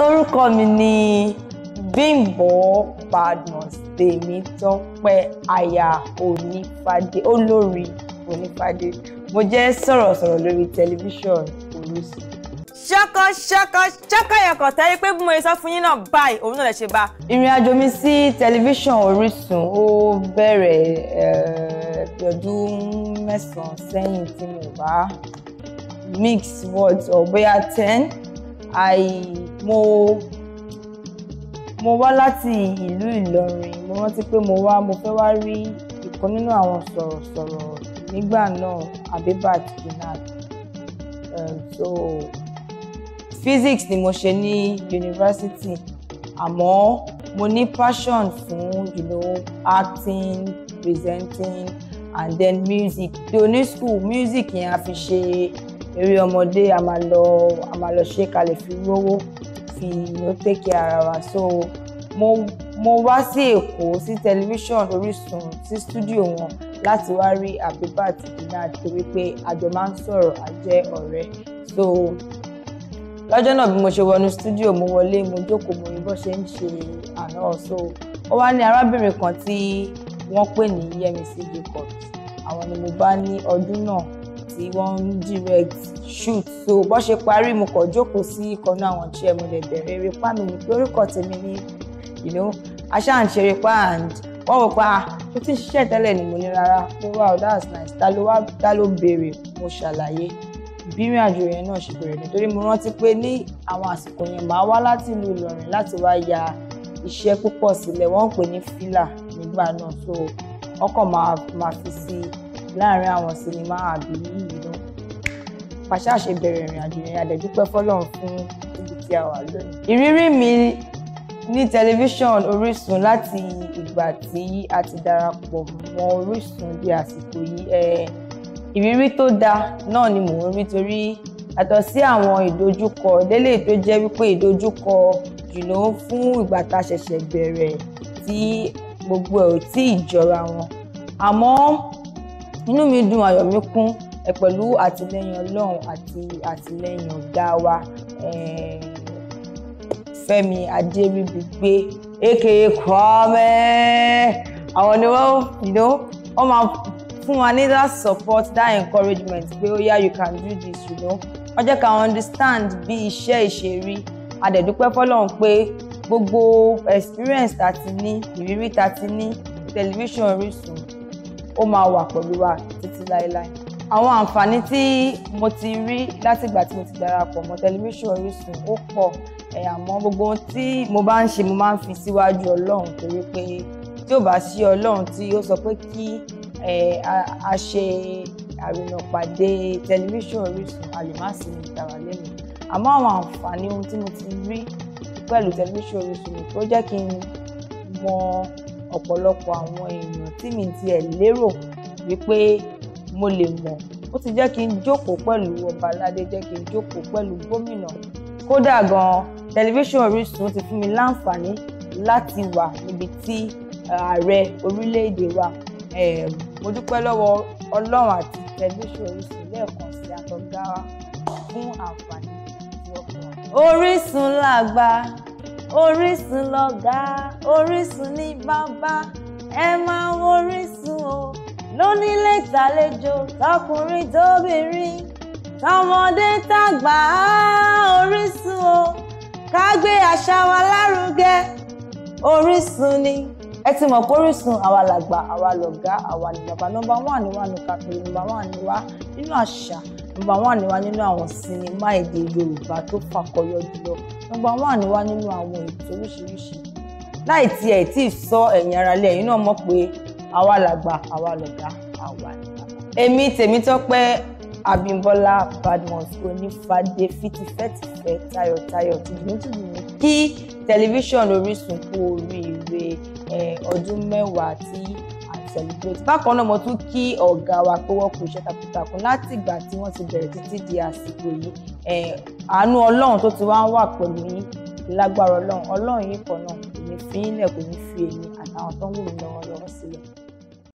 Orúkọ mi ni Bímbọ́ Badmus Tèmítọ́pẹ́ aya Onífádé olórí Onífádé mo jẹ́ sọ̀rọ̀sọ̀rọ̀ lórí tẹlifíṣàn Orísun. ṣọkọ ṣọkọ ṣọkọ yọkọ tẹ́lẹ̀ pé bí mo sọ fún yín náà báyìí òun náà lè ṣe bá. ìrìn àjò mi sí tẹlifíṣàn Orísun ó bẹ̀rẹ̀ bí ọdún mẹ́sàn-án sẹ́yìn tí mo bá mix words or bóyá ten àì mo mo wá láti ìlú Ìlọrin mo rántí pé mo wá mo fẹ́ wá rí ìkan nínú àwọn sọ̀rọ̀sọ̀rọ̀ nígbà náà abeba Binag um, so physics ni mo ṣe ní yunifásitì àmọ́ mo ní passion fún you know, acting presenting and then music the oní school music yẹn a fi ṣe eré ọmọdé a máa lọ a máa lọ ṣe kalẹ̀ fi rówó fi ló tẹ́kẹ̀ ara wa so mo mo wá sí èkó sí tẹlifíṣàn orísun sí stúdíò wọn láti wá rí abibat dinah torí pé àjọ máa ń sọ̀rọ̀ a jẹ́ ọ̀rẹ́ so lọ́jọ́ náà bí mo ṣe wọnú stúdíò mo wọlé mo jókòó mo rí bó ṣe ń ṣe àná so ó wá ní arábìnrin kan tí wọ́n pè ní Yẹmisí Jacobs àwọn ni mo bá ní ọdún náà tí wọ́n ń direct shoot so bó ṣe parí mo kàn jókòó sí ìkànnà àwọn chair mo lè bẹ̀rẹ̀ erépá mi ní pé orúkọ tèmi ni you know aṣáà ń ṣe erépá and wọ́n wò pa ah, tó ti ń ṣiṣẹ́ tẹ́lẹ̀ ni mo ní rárá ó wà ó that's nice ta ló wá ta ló béèrè mo ṣàlàyé bí ìrìn àjò yẹn náà ṣe bẹ̀rẹ̀ nítorí mo rántí pé ní àwọn àsìkò yẹn màá wá láti ìlú Ìlọrin láti wá ya iṣẹ́ púpọ̀ sílẹ̀ wọ́n ń pè ní fílà nígbà náà so ọkọ̀ máa máa fi sí i méjì láàrin àwọn sinimá àbí yìí náà bẹ̀rẹ̀ ìrìn àjò yẹn adẹ̀dúpẹ́ fọlọ́run fún ibi tí a wà lónìí. ìrírí mi ní tẹlifíṣàn Orísun láti ìgbà tí a ti darapọ̀ mọ́ Orísun bí àsìkò yìí ìrírí tó dáa náà ni mò ń rí torí yàtọ̀ sí àwọn ìdojúkọ lélẹ̀ tó jẹ́ wípé ìdojúkọ jùlọ fún ìgbà tá a ṣẹ̀ṣẹ̀ bẹ̀rẹ̀ tí gbogbo ẹ̀ ò tí ì jọra wọn àmọ́ inú mi dùn ayọ̀ mi kún pẹ̀lú àtìlẹ́yìn Ọlọ́run àti àtìlẹ́yìn ọ̀gá wa eh, Fẹ́mi Adéríbigbé aka Kwame àwọn ni wọ́n wọ́n máa fún wa ní that support that encouragement pé oh yeah, you can do this you know wọ́n jẹ́ ká understand bí iṣẹ́ ìṣèrí adẹ̀dúpẹ́ fọlọ́run pé gbogbo experience tá ti ní ìrírí tá ti ní tẹlifíṣàn Orísun ó máa wà pẹ̀lú wa títí láéláé. àwọn àǹfààní tí mo ti rí látìgbà tí mo ti darapọ̀ mọ́ tẹlifíṣàn Orísun ó pọ̀ ẹ̀ àmọ́ gbogbo ohun tí mo bá ń ṣe mo máa ń fi síwájú Ọlọ́run torí pé tí ò bá sí Ọlọ́run tí ó sọ pé kí a ṣe àrùnà pàdé tẹlifíṣàn Orísun àlèmásì ní ìtara lẹ́nu àmọ́ àwọn àǹfààní ohun tí mo ti rí pẹ̀lú tẹlifíṣàn Orísun tó jẹ́ kí n mọ ọ̀pọ̀lọpọ̀ àwọn èèyàn tí mi tiẹ̀ lérò wípé mo lè mọ̀ ó ti jẹ́ kí n jókòó pẹ̀lú ọba aládé jẹ́ kí n jókòó pẹ̀lú gómìnà kódà gan tẹlifíṣàn Orísun ti fún mi láǹfààní láti wà níbi tí ààrẹ orílẹ̀-èdè wa mo dúpẹ́ lọ́wọ́ Ọlọ́run àti tẹlifíṣàn Orísun lẹ́ẹ̀kan sí àtọ́gáwá fún àǹfààní Orísun làgbà. Orísun lọ̀gá Orísun ní bàbá ẹ máa wo Orísun o lónílé ìtàlejò tọkùnrin tóbìnrin tọmọdé tàgbà Orísun o ká gbé àṣà wa lárugẹ Orísun ni. ẹ ti mọ̀ pé Orísun àwa làgbà àwa lọ̀gá àwa ni bàbá nọ́mbà wà ní wa nùkà pé nọ́mbà wà ní wa nínú àṣà nọ́mbà wà ní wa nínú àwọn sinimá èdè Yorùbá tó fàkọyọ jùlọ nọ́mbà wà ní wa nínú àwọn ètò oríṣiríṣi láì tí ẹ̀ tí ì sọ ẹ̀yin aráalé ẹ̀yin náà mọ̀ pé àwa làgbà àwa lọ̀gá àwa ni bàbá. èmi Tèmítọ́pẹ́ Abímbọ́lá Badmus Onífádé fitifẹtifẹ tayọ̀tayọ̀ tìdùnnútìdùnnú kí tẹlifíṣàn Orísun kú oríire ọdún mẹ́wàá tí à celebrate bákan náà mo tún kí ọ̀gá wa pé wọ́n kú iṣẹ́ takuntakun láti ìgbà tí wọ́n ti bẹ̀rẹ̀ títí di àsìkò yìí àánú ọlọ́run tó ti wá ń wà pẹ̀lú yín lágbára ọlọ́run ọlọ́run yìí kan náà kò ní fi ilẹ̀ kò ní fi èmi àtàwọn tó ń wò mí lọ́wọ́lọ́wọ́ sílẹ̀